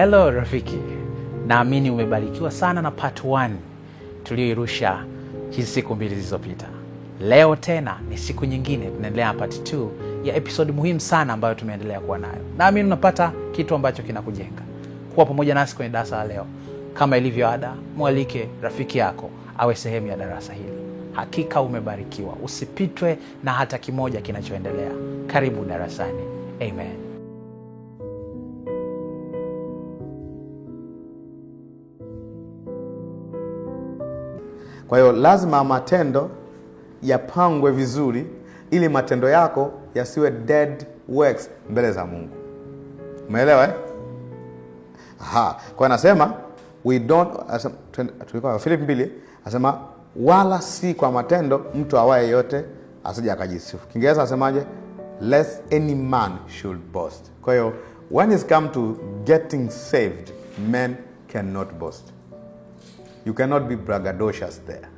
Hello rafiki, naamini umebarikiwa sana na part 1 tuliyoirusha hizi siku mbili zilizopita. Leo tena ni siku nyingine, tunaendelea na part 2 ya episodi muhimu sana ambayo tumeendelea kuwa nayo. Naamini unapata kitu ambacho kinakujenga. Kuwa pamoja nasi kwenye darasa la leo. Kama ilivyo ada, mwalike rafiki yako awe sehemu ya darasa hili. Hakika umebarikiwa, usipitwe na hata kimoja kinachoendelea. Karibu darasani. Amen. Kwa hiyo lazima matendo yapangwe vizuri, ili matendo yako yasiwe dead works mbele za Mungu. Umeelewa eh? Kwa anasema we don't, tulikuwa Filipi mbili, anasema wala si kwa matendo mtu awaye yote asije akajisifu. Kiingereza anasemaje? Lest any man should boast. Kwa hiyo when it come to getting saved men cannot boast you cannot be braggadocious there.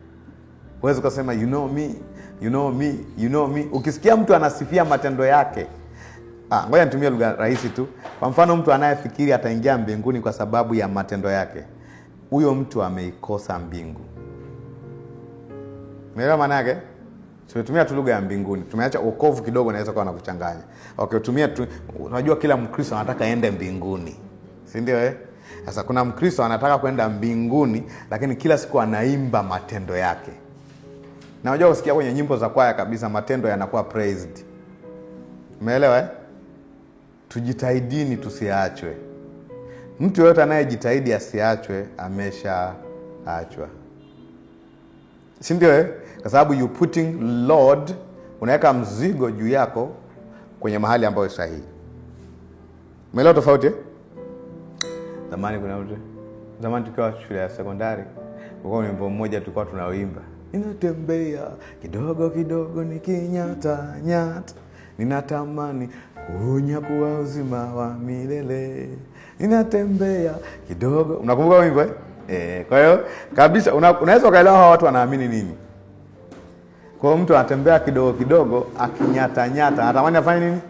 Huwezi ukasema you know me, you know me, you know me. Ukisikia mtu anasifia matendo yake, ah, ngoja nitumie lugha rahisi tu. Kwa mfano, mtu anayefikiri ataingia mbinguni kwa sababu ya matendo yake, huyo mtu ameikosa mbingu. Umeelewa maana yake? Tumetumia tu lugha ya mbinguni, tumeacha wokovu kidogo, naweza kuwa nakuchanganya. Okay, tumia tu. Unajua, kila Mkristo anataka aende mbinguni, si ndio eh? Sasa kuna Mkristo anataka kwenda mbinguni, lakini kila siku anaimba matendo yake, na unajua usikia kwenye nyimbo za kwaya kabisa matendo yanakuwa praised. Umeelewa eh? Tujitahidini tusiachwe. Mtu yoyote anayejitahidi asiachwe ameshaachwa, si ndio eh? Kwa sababu you putting load, unaweka mzigo juu yako kwenye mahali ambayo sahihi. Umeelewa tofauti eh? Zamani kuna mtu zamani, tukiwa shule ya sekondari, kwa wimbo mmoja tulikuwa tunaoimba, ninatembea kidogo kidogo nikinyata nyata, ninatamani kunyakua uzima wa milele, ninatembea kidogo. Unakumbuka wimbo eh? Eh, kwa hiyo kabisa unaweza ukaelewa hawa watu wanaamini nini. Kwa hiyo mtu anatembea kidogo kidogo, akinyatanyata, anatamani afanye nini?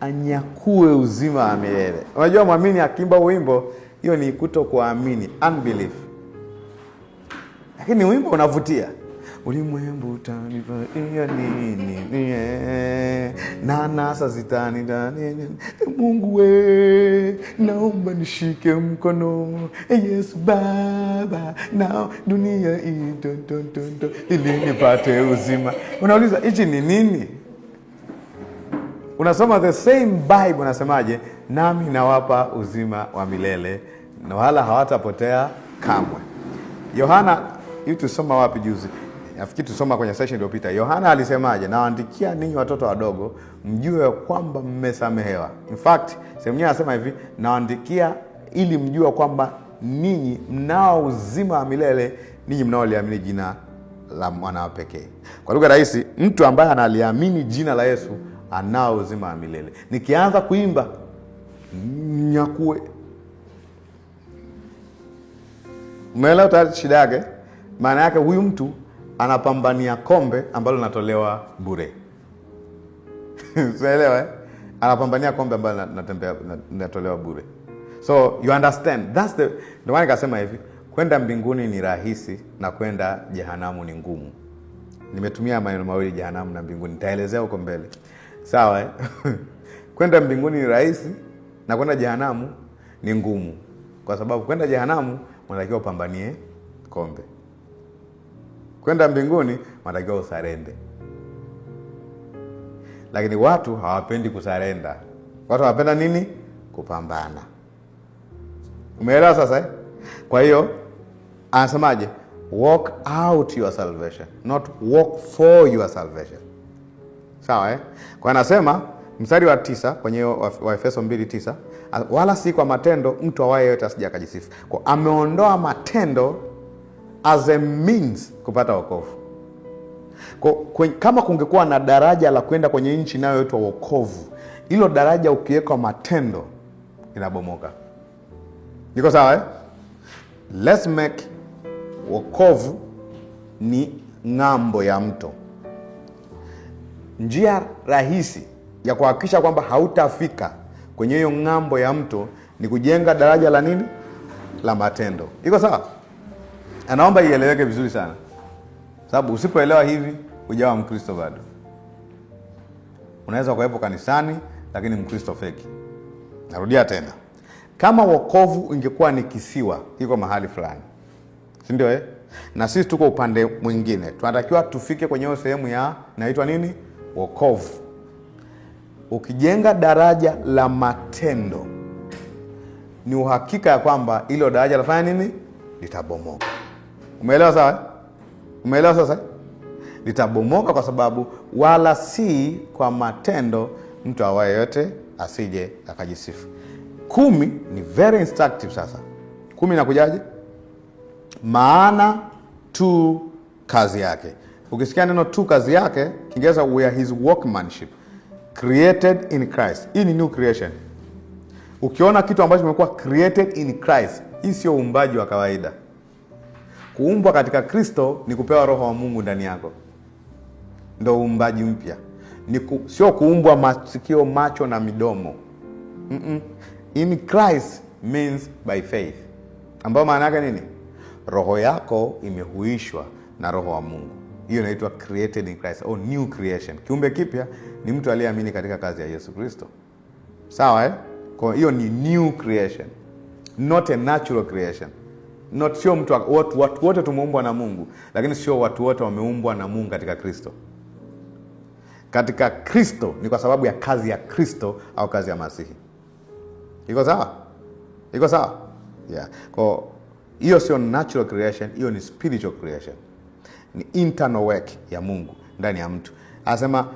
Anyakue uzima wa milele. Unajua, mwamini akimba wimbo hiyo ni kuto kuamini, unbelief. Lakini wimbo unavutia ulimwembu utanivaia nini na nasa zitani nini? Mungu we, naomba nishike mkono Yesu Baba, na dunia itototo ili nipate uzima. Unauliza hichi ni nini? unasoma the same Bible, unasemaje? Nami nawapa uzima wa milele na wala hawatapotea kamwe. Yohana, hii tusoma wapi juzi? Nafikiri tusoma kwenye session iliyopita. Yohana alisemaje? Nawaandikia ninyi watoto wadogo, mjue kwamba mmesamehewa. In fact, sehemu nyingine anasema hivi, nawaandikia ili mjue kwamba ninyi mnao uzima wa milele, ninyi mnaoliamini jina la mwana wa pekee. Kwa lugha rahisi, mtu ambaye analiamini jina la Yesu anao uzima wa milele. Nikianza kuimba nyakue, umeelewa tayari shida yake. Maana yake huyu mtu anapambania kombe ambalo linatolewa bure unaelewa eh? anapambania kombe ambalo natolewa bure, so you understand that's the. Ndio maana nikasema hivi, kwenda mbinguni ni rahisi na kwenda jehanamu ni ngumu. Nimetumia maneno mawili, jehanamu na mbinguni, nitaelezea huko mbele sawa eh? kwenda mbinguni ni rahisi na kwenda jehanamu ni ngumu, kwa sababu kwenda jehanamu unatakiwa upambanie kombe, kwenda mbinguni unatakiwa usarende. Lakini watu hawapendi kusarenda, watu hawapenda nini? Kupambana. Umeelewa sasa eh? Kwa hiyo anasemaje? Walk out your salvation, not walk for your salvation. Sawa eh? Kwa anasema mstari wa tisa kwenye Waefeso wa tisa wala si kwa matendo mtu awaye yote asija akajisifu. Kwa ameondoa matendo as a means kupata wokovu. Kwa kama kungekuwa na daraja la kwenda kwenye nchi inayoitwa wokovu, hilo daraja ukiwekwa matendo inabomoka. Niko sawa eh? Let's make wokovu ni ng'ambo ya mto. Njia rahisi ya kuhakikisha kwamba hautafika kwenye hiyo ng'ambo ya mto ni kujenga daraja la nini, la matendo. Iko sawa? Anaomba ieleweke vizuri sana, sababu usipoelewa hivi hujawa Mkristo bado. Unaweza kuwepo kanisani lakini Mkristo feki. Narudia tena, kama wokovu ingekuwa ni kisiwa kiko mahali fulani, si ndio eh? Na sisi tuko upande mwingine, tunatakiwa tufike kwenye o sehemu ya naitwa nini wokovu, ukijenga daraja la matendo, ni uhakika ya kwamba hilo daraja lafanya nini? Litabomoka. Umeelewa sawa? Eh? Umeelewa sasa? Eh? Litabomoka kwa sababu wala si kwa matendo, mtu awaye yote asije akajisifu. Kumi ni very instructive. Sasa kumi nakujaje? maana tu kazi yake Ukisikia neno tu kazi yake Kiingereza, we are his workmanship created in Christ. Hii ni new creation. Ukiona kitu ambacho kimekuwa created in Christ, hii sio uumbaji wa kawaida. Kuumbwa katika Kristo ni kupewa Roho wa Mungu ndani yako, ndo uumbaji mpya ku, sio kuumbwa masikio, macho na midomo. mm -mm. In Christ means by faith, ambayo maana yake nini? Roho yako imehuishwa na Roho wa Mungu. Hiyo inaitwa created in Christ au new creation. Kiumbe kipya ni mtu aliyeamini katika kazi ya Yesu Kristo, sawa eh? Kwa hiyo ni new creation, not a natural creation, not sio mtu watu, watu wote tumeumbwa na Mungu, lakini sio watu wote wameumbwa na Mungu katika Kristo. Katika Kristo ni kwa sababu ya kazi ya Kristo au kazi ya Masihi. Iko sawa? Iko sawa? Yeah. Kwa hiyo sio natural creation, hiyo ni spiritual creation ni internal work ya Mungu ndani ya mtu. Anasema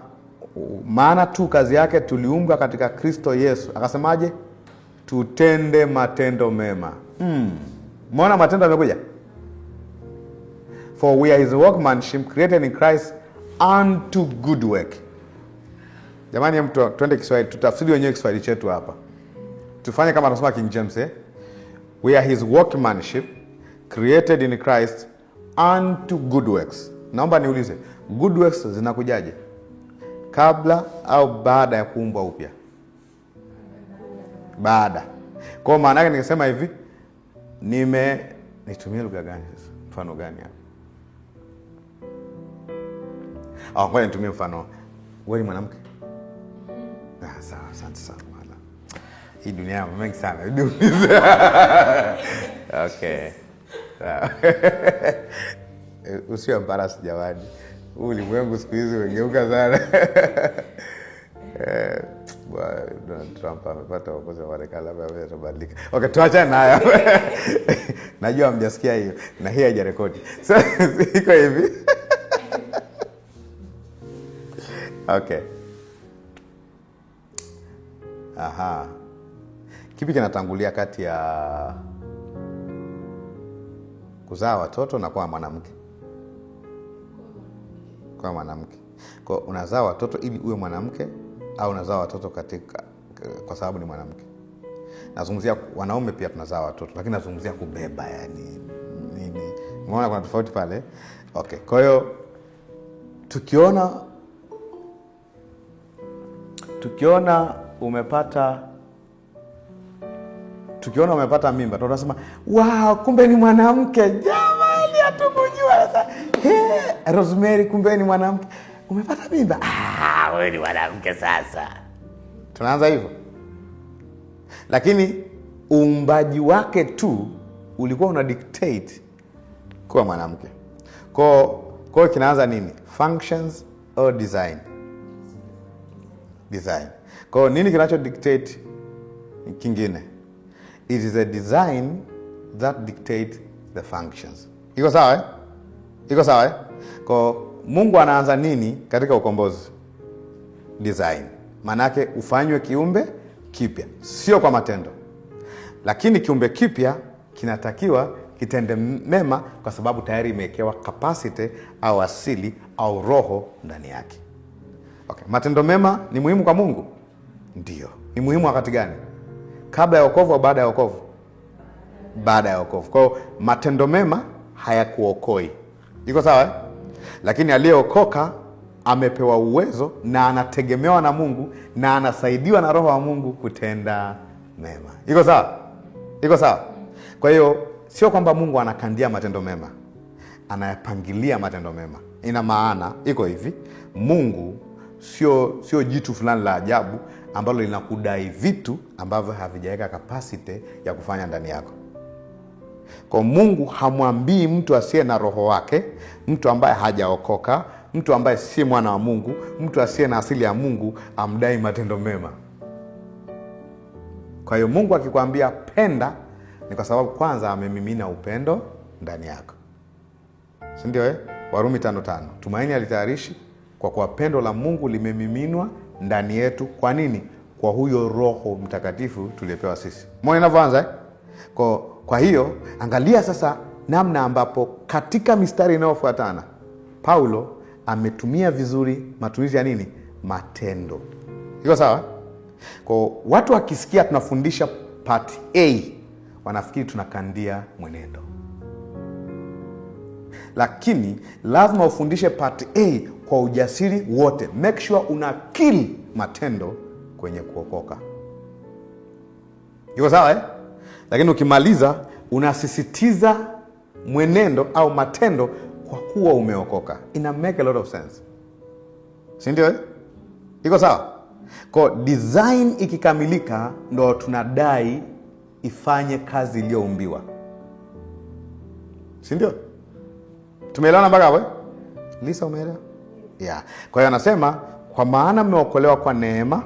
maana tu kazi yake tuliumbwa katika Kristo Yesu. Akasemaje? tutende matendo mema. Hmm. Mwona matendo yamekuja, for we are his workmanship created in Christ unto good work. Jamani, mtu tuende Kiswahili, tutafsiri wenyewe Kiswahili chetu hapa, tufanye kama anasema King James eh? We are his workmanship created in Christ unto good works. Naomba niulize, good works zinakujaje? Kabla au baada ya kuumbwa upya? Baada. Kwa maana yake nikisema hivi, nime nitumie lugha gani sasa? Mfano gani hapa? Ah, ngoja nitumie mfano. Wewe ni mwanamke? Ah, sawa, asante sana. Hii dunia ya mengi sana. Okay. Sawa. Eh, usio mparasi jamani, huu ulimwengu siku hizi umegeuka sana. Eh, Donald Trump amepata uongozi wa Marekani, labda atabadilika. Okay, tuachane nayo. Najua amjasikia hiyo, na hii haijarekodi iko hivi. Okay, aha, kipi kinatangulia kati ya kuzaa watoto na kuwa mwanamke? kama mwanamke. Kwa unazaa watoto ili uwe mwanamke au unazaa watoto katika kwa sababu ni mwanamke. Nazungumzia wanaume pia tunazaa watoto, lakini nazungumzia kubeba, yani nini? Umeona kuna tofauti pale? Okay, kwa hiyo tukiona tukiona umepata tukiona umepata mimba tunasema wow, kumbe ni mwanamke. Rosemary kumbe ni mwanamke. Umepata mimba? Ah, wewe ni mwanamke sasa. Tunaanza hivyo, lakini uumbaji wake tu ulikuwa una dictate kuwa mwanamke. Kwa hiyo kinaanza nini? Functions or design? Design. Kwa hiyo nini kinacho dictate kingine? It is a design that dictate the functions. Iko sawa eh? Iko sawa eh? Kwa Mungu anaanza nini katika ukombozi? Design, yake ufanywe kiumbe kipya, sio kwa matendo, lakini kiumbe kipya kinatakiwa kitende mema, kwa sababu tayari imewekewa capacity au asili au roho ndani yake. Okay, matendo mema ni muhimu kwa Mungu? Ndio. Ni muhimu wakati gani? Kabla ya wokovu au baada ya wokovu? Baada ya wokovu. Kwa hiyo matendo mema hayakuokoi, iko sawa eh? lakini aliyeokoka amepewa uwezo na anategemewa na Mungu na anasaidiwa na Roho wa Mungu kutenda mema. Iko sawa? Iko sawa? Kwa hiyo sio kwamba Mungu anakandia matendo mema, anayapangilia matendo mema. Ina maana iko hivi, Mungu sio sio jitu fulani la ajabu ambalo linakudai vitu ambavyo havijaweka kapasiti ya kufanya ndani yako. Kwa Mungu hamwambii mtu asiye na roho wake, mtu ambaye hajaokoka, mtu ambaye si mwana wa Mungu, mtu asiye na asili ya Mungu amdai matendo mema. Kwa hiyo Mungu akikwambia penda, ni kwa sababu kwanza amemimina upendo ndani yako, si ndio eh? Warumi tano tano, tumaini alitayarishi kwa kuwa pendo la Mungu limemiminwa ndani yetu. Kwa nini? Kwa huyo Roho Mtakatifu tuliyepewa sisi. Mona inavyoanza eh? Kwa, kwa hiyo angalia sasa namna ambapo katika mistari inayofuatana Paulo ametumia vizuri matumizi ya nini, matendo. Iko sawa? Kwa watu wakisikia tunafundisha part A wanafikiri tunakandia mwenendo, lakini lazima ufundishe part A kwa ujasiri wote. Make sure unakili matendo kwenye kuokoka. Iko sawa eh? Lakini ukimaliza unasisitiza mwenendo au matendo kwa kuwa umeokoka. Ina make a lot of sense, si ndio? Eh? Iko sawa? Kwa design ikikamilika, ndo tunadai ifanye kazi iliyoumbiwa, si ndio? Tumeelewana mpaka hapo? Eh? Lisa, umeelewa? Yeah. Kwa hiyo anasema kwa maana mmeokolewa kwa neema,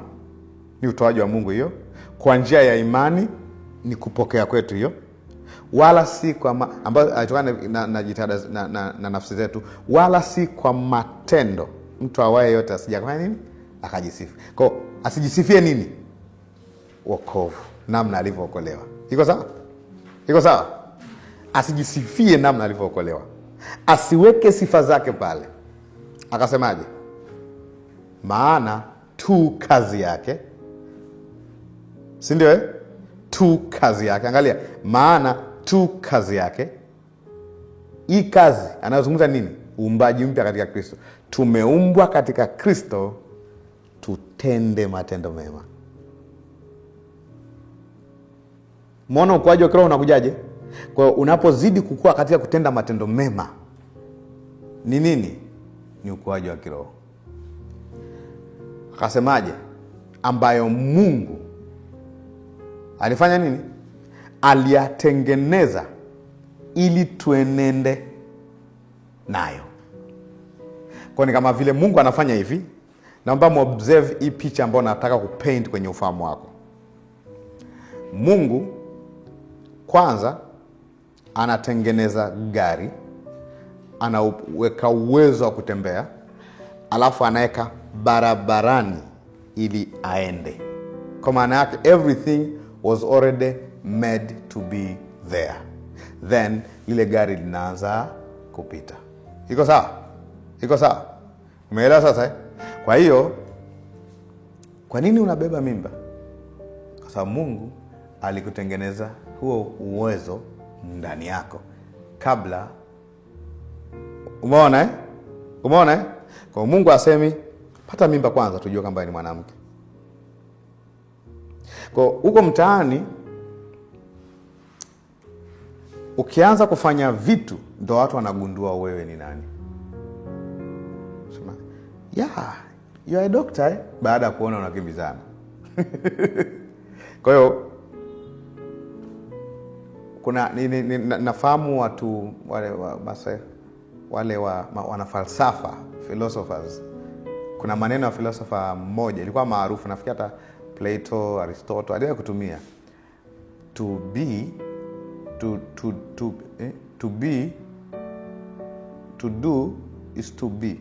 ni utoaji wa Mungu, hiyo kwa njia ya imani ni kupokea kwetu hiyo wala si kwa ambayo aitokana na, na na, na, na, na nafsi zetu wala si kwa matendo. Mtu awaye yote asijafanya nini akajisifu ko asijisifie nini wokovu, namna alivyookolewa. Iko sawa? Iko sawa? Asijisifie namna alivyookolewa, asiweke sifa zake pale. Akasemaje? maana tu kazi yake, si eh? tu kazi yake. Angalia maana tu kazi yake. Hii kazi anayozungumza nini? Uumbaji mpya katika Kristo. Tumeumbwa katika Kristo tutende matendo mema. Mona ukuaji wa kiroho unakujaje? Kwa hiyo unapozidi kukua katika kutenda matendo mema ni nini? Ni ukuaji wa kiroho. Akasemaje? ambayo Mungu alifanya nini? Aliyatengeneza ili tuenende nayo. Kwa ni kama vile Mungu anafanya hivi. Naomba muobserve hii picha ambayo nataka kupaint kwenye ufahamu wako. Mungu kwanza anatengeneza gari, anaweka uwezo wa kutembea, alafu anaweka barabarani ili aende. Kwa maana yake everything was already made to be there, then lile gari linaanza kupita. Iko sawa? Iko sawa? Umeelewa sasa? Eh? Kwa hiyo kwa nini unabeba mimba? Kwa sababu Mungu alikutengeneza huo uwezo ndani yako kabla. Umeona eh? Umeona eh? Kwa Mungu asemi pata mimba kwanza, tujue kwamba ni mwanamke. Kwa huko mtaani ukianza kufanya vitu ndo watu wanagundua wewe ni nani. Sema, yeah, you are a doctor eh? Baada ya kuona unakimbizana kwa hiyo kuna ni, ni, ni, nafahamu watu wale wa, masa, wale wa, ma, wanafalsafa philosophers. Kuna maneno ya filosofa mmoja ilikuwa maarufu, nafikiri hata Plato, aristoto aliwai kutumia to be to, to, to, eh, to be to do is to be,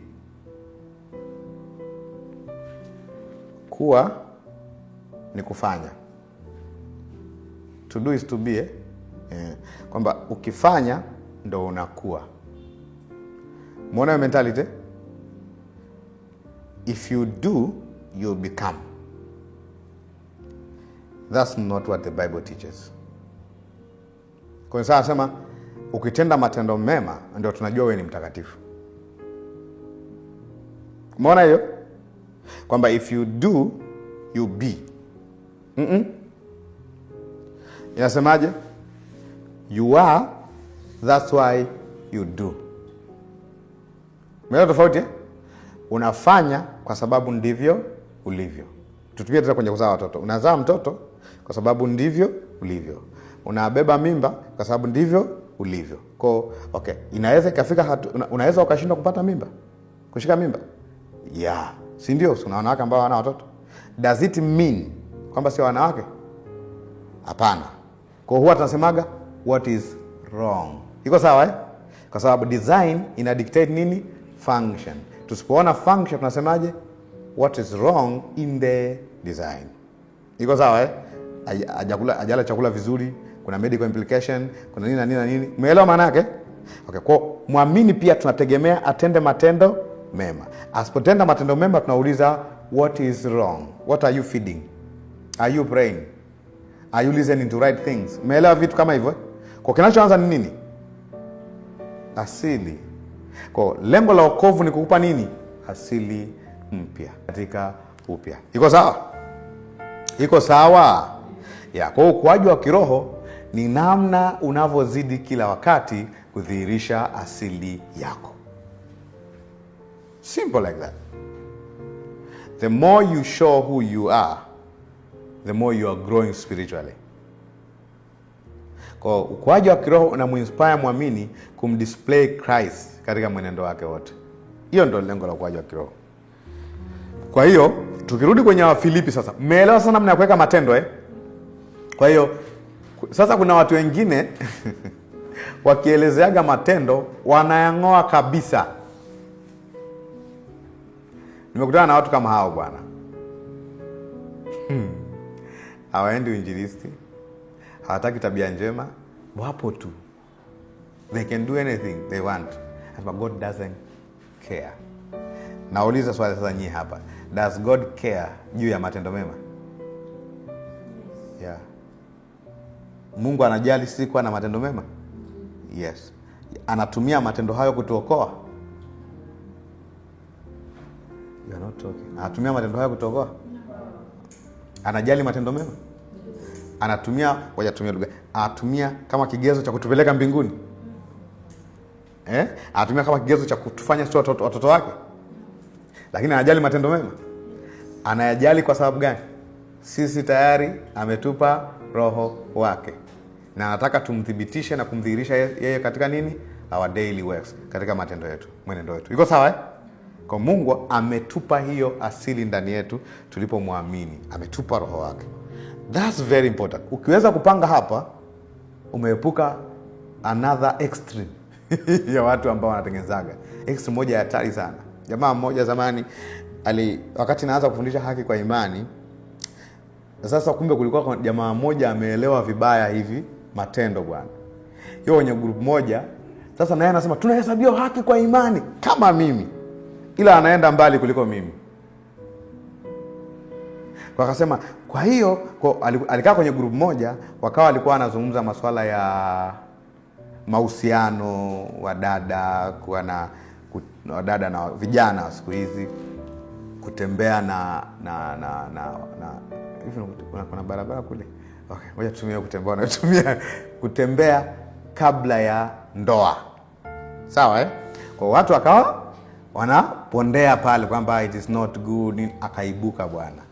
kuwa ni kufanya. To do is to be eh? Eh, kwamba ukifanya ndo unakuwa. Mwona yo mentality, if you do you become That's not what the Bible teaches. Kwa sababu anasema ukitenda matendo mema ndio tunajua wewe ni mtakatifu. Umeona hiyo kwamba if you do you be mm -mm. Inasemaje? you are that's why you do. Umeona tofauti eh? Unafanya kwa sababu ndivyo ulivyo. Tutumie tena kwenye kuzaa watoto. Unazaa mtoto kwa sababu ndivyo ulivyo. Unabeba mimba kwa sababu ndivyo ulivyo. Kwa okay, inaweza ikafika hatu, unaweza ukashindwa kupata mimba, kushika mimba yeah, si ndio? Kuna wanawake ambao wana watoto. Does it mean kwamba sio wanawake? Hapana. Kwa huwa tunasemaga what is wrong, iko sawa eh? Kwa sababu design ina dictate nini? Function. Tusipoona function tunasemaje? What is wrong in the design, iko sawa eh? ajakula ajala chakula vizuri, kuna medical implication, kuna nini na nini na nini. Umeelewa maana yake? Okay, kwa mwamini pia tunategemea atende matendo mema. Asipotenda matendo mema, tunauliza what is wrong, what are you feeding, are you praying, are you listening to right things? Umeelewa vitu kama hivyo? Kwa kinachoanza ni nini? Asili. Kwa lengo la wokovu ni kukupa nini? Asili mpya katika upya. Iko sawa? Iko sawa? ya. Kwa hiyo ukuaji wa kiroho ni namna unavyozidi kila wakati kudhihirisha asili yako. Simple like that. The more you show who you are, the more you are growing spiritually. Kwa ukuaji wa kiroho unamuinspire mwamini kumdisplay Christ katika mwenendo wake wote. Hiyo ndio lengo la ukuaji wa kiroho. Kwa hiyo tukirudi kwenye Wafilipi sasa, mmeelewa sasa namna ya kuweka matendo eh? Kwa hiyo sasa kuna watu wengine wakielezeaga matendo wanayang'oa kabisa. Nimekutana na watu kama hao bwana, hmm. hawaendi hmm, uinjilisti, hawataki tabia njema, wapo tu, they can do anything they want but God doesn't care. Nauliza swali sasa, nyie hapa, does God care juu ya matendo mema? Mungu anajali sikuwa na matendo mema? Yes, anatumia matendo hayo kutuokoa. You are not talking. Anatumia matendo hayo kutuokoa? Anajali matendo mema? Anatumia wajatumia lugha, anatumia kama kigezo cha kutupeleka mbinguni eh? Anatumia kama kigezo cha kutufanya sio watoto wake, lakini anajali matendo mema. Anayajali kwa sababu gani? Sisi tayari ametupa roho wake na nataka tumthibitishe na kumdhihirisha yeye katika nini, our daily works, katika matendo yetu, mwenendo wetu. Iko sawa eh? Kwa Mungu ametupa hiyo asili ndani yetu tulipomwamini, ametupa roho wake. That's very important. Ukiweza kupanga hapa, umeepuka another extreme ya watu ambao wanatengenezaga extreme moja ya hatari sana. Jamaa mmoja zamani ali, wakati naanza kufundisha haki kwa imani sasa, kumbe kulikuwa jamaa mmoja ameelewa vibaya hivi matendo bwana. Hiyo wenye grupu moja sasa, naye anasema tunahesabiwa haki kwa imani kama mimi, ila anaenda mbali kuliko mimi. Kwa akasema kwa hiyo alikaa kwenye grupu moja, wakawa alikuwa anazungumza masuala ya mahusiano, wadada kuwa na wadada na vijana siku hizi kutembea na na na na, na, na, barabara kule Okay, moja kutembea, unatumia kutembea kabla ya ndoa, sawa eh? Kwa watu wakawa wanapondea pale kwamba it is not good. Akaibuka Bwana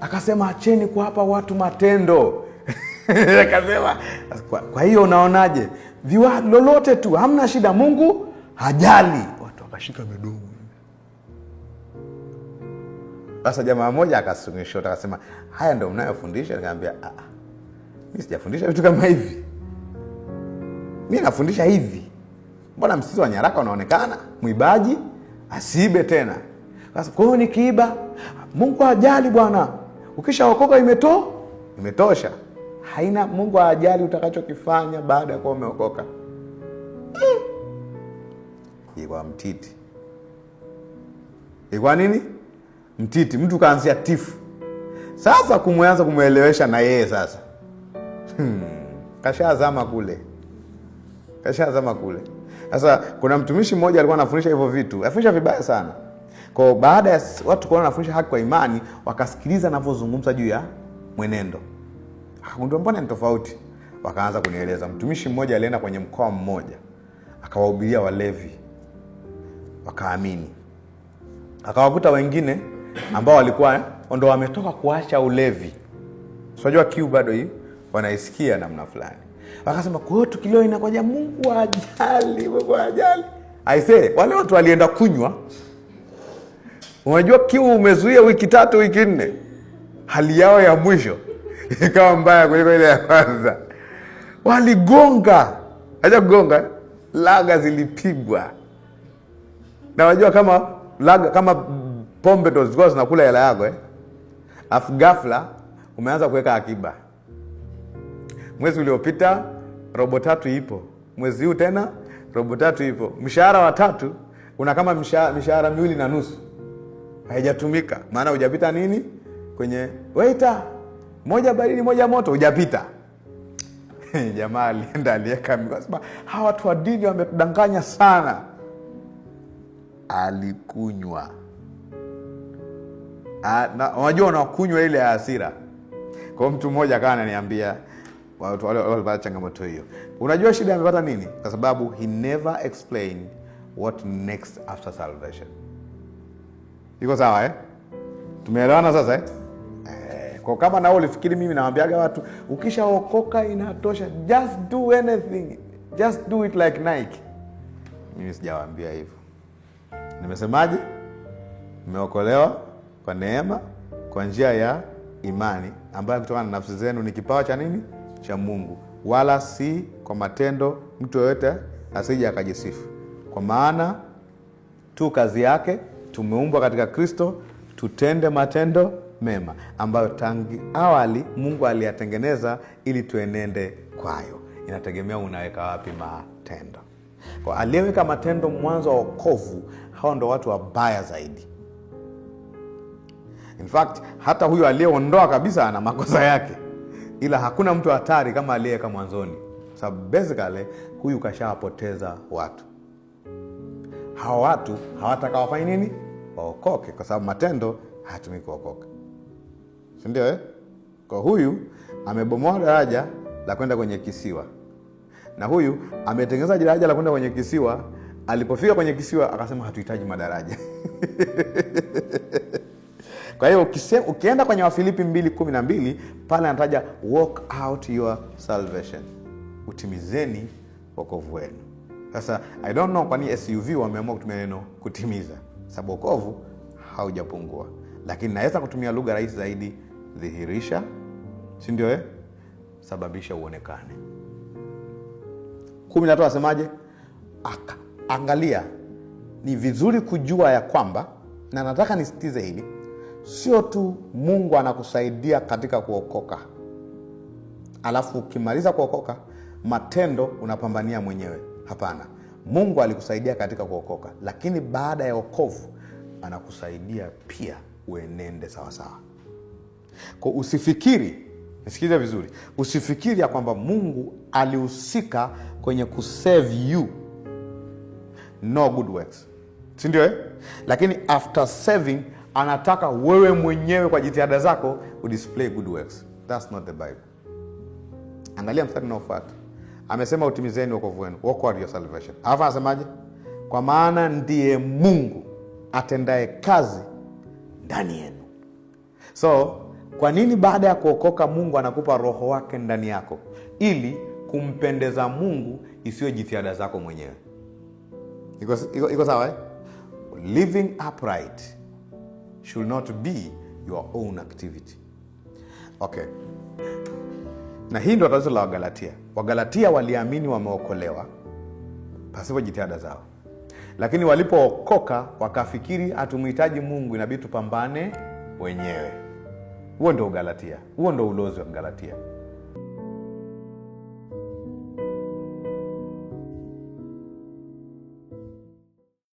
akasema acheni hapa watu matendo akasema kwa, kwa hiyo unaonaje, viwa lolote tu hamna shida, Mungu hajali. Watu wakashika midomo sasa jamaa moja akasongeshota akasema, haya ndo mnayofundisha? Nikamwambia ah, ah, mimi sijafundisha vitu kama hivi, mi nafundisha hivi. Mbona msisi wa nyaraka unaonekana mwibaji asibe tena? Sasa kwa hiyo nikiiba, Mungu ajali bwana, ukishaokoka imeto imetosha, haina Mungu ajali utakachokifanya baada ya kuwa umeokoka. Eh. Ilikuwa mtiti, ilikuwa nini? mtiti, mtu kaanzia tifu. Sasa kumwanza kumwelewesha na yeye sasa, hmm, kashazama kule, kashazama kule. Sasa kuna mtumishi mmoja alikuwa anafundisha hivyo vitu, afundisha vibaya sana kwa baada ya watu kuona anafundisha haki kwa imani, wakasikiliza anavyozungumza juu ya mwenendo, akagundua mbona ni tofauti, wakaanza kunieleza. Mtumishi mmoja alienda kwenye mkoa mmoja, akawahubiria walevi, wakaamini, akawakuta wengine ambao walikuwa eh, ndo wametoka kuacha ulevi. Unajua kiu bado hii wanaisikia namna fulani, wakasema kwa hiyo tukilio inakoja Mungu ajali, Mungu ajali. say wale watu walienda kunywa. Unajua kiu umezuia wiki tatu wiki nne, hali yao ya mwisho ikawa mbaya kuliko ile ya kwanza. Waligonga, haja kugonga, laga zilipigwa na wajua kama laga, kama pombe ndo zilikuwa zinakula hela yako eh? Afu ghafla umeanza kuweka akiba. Mwezi uliopita robo tatu ipo, mwezi huu tena robo tatu ipo, mshahara wa tatu una kama mishahara miwili na nusu haijatumika, maana hujapita nini kwenye weita moja baridi moja moto, hujapita jamaa alienda aliweka, mikasema, hawa watu wa dini wametudanganya sana. Alikunywa. Ah, unajua unakunywa ile ya hasira. Kwa mtu mmoja akawa ananiambia watu wale walipata changamoto hiyo. Unajua shida amepata nini? Kwa sababu he never explained what next after salvation. Iko sawa eh? Tumeelewana sasa eh? eh kwa kama nao ulifikiri mimi nawambiaga watu ukishaokoka inatosha, just do anything, just do it like Nike. Mimi sijawambia hivyo. Nimesemaje? Nimeokolewa kwa neema, kwa njia ya imani ambayo kutokana na nafsi zenu ni kipawa cha nini? Cha Mungu, wala si kwa matendo, mtu yoyote asije akajisifu. Kwa maana tu kazi yake tumeumbwa katika Kristo tutende matendo mema ambayo tangi awali Mungu aliyatengeneza ili tuenende kwayo. Inategemea unaweka wapi matendo. Kwa aliyeweka matendo mwanzo wa wokovu, hao ndo watu wabaya zaidi. In fact hata huyo aliyeondoa kabisa ana makosa yake, ila hakuna mtu hatari kama aliyeweka mwanzoni. sababu basically huyu kashawapoteza watu hawa, watu hawataka wafanye nini? Waokoke, kwa sababu matendo hayatumii kuokoka, si ndio eh? Kwa huyu amebomoa daraja la kwenda kwenye kisiwa, na huyu ametengeneza daraja la kwenda kwenye kisiwa. Alipofika kwenye kisiwa akasema hatuhitaji madaraja Kwa hiyo ukienda kwenye Wafilipi mbili kumi na mbili pale anataja walk out your salvation, utimizeni wokovu wenu. Sasa I don't know kwa nini SUV wameamua kutumia neno kutimiza, sababu wokovu haujapungua, lakini naweza kutumia lugha rahisi zaidi, dhihirisha, si ndio? Eh, sababisha uonekane. kumi na tatu asemaje? Angalia, ni vizuri kujua ya kwamba, na nataka nisitize hili sio tu Mungu anakusaidia katika kuokoka, alafu ukimaliza kuokoka matendo unapambania mwenyewe. Hapana, Mungu alikusaidia katika kuokoka, lakini baada ya okovu anakusaidia pia uenende sawasawa. k usifikiri, nisikize vizuri, usifikiri ya kwamba Mungu alihusika kwenye kusave you no good works, si eh? Lakini after saving anataka wewe mwenyewe kwa jitihada zako udisplay good works. That's not the Bible. Angalia mstari unaofuata, amesema utimizeni wokovu wenu, work out your salvation. Alafu anasemaje? Kwa maana ndiye Mungu atendaye kazi ndani yenu. So kwa nini baada ya kuokoka Mungu anakupa roho wake ndani yako ili kumpendeza Mungu, isiyo jitihada zako mwenyewe. Iko sawa eh? Living upright should not be your own activity. Okay, na hii ndo tatizo la Wagalatia. Wagalatia waliamini wameokolewa pasipo jitihada zao, lakini walipookoka wakafikiri hatumhitaji Mungu, inabidi tupambane wenyewe. Huo ndo Ugalatia, huo ndo ulozi wa Galatia.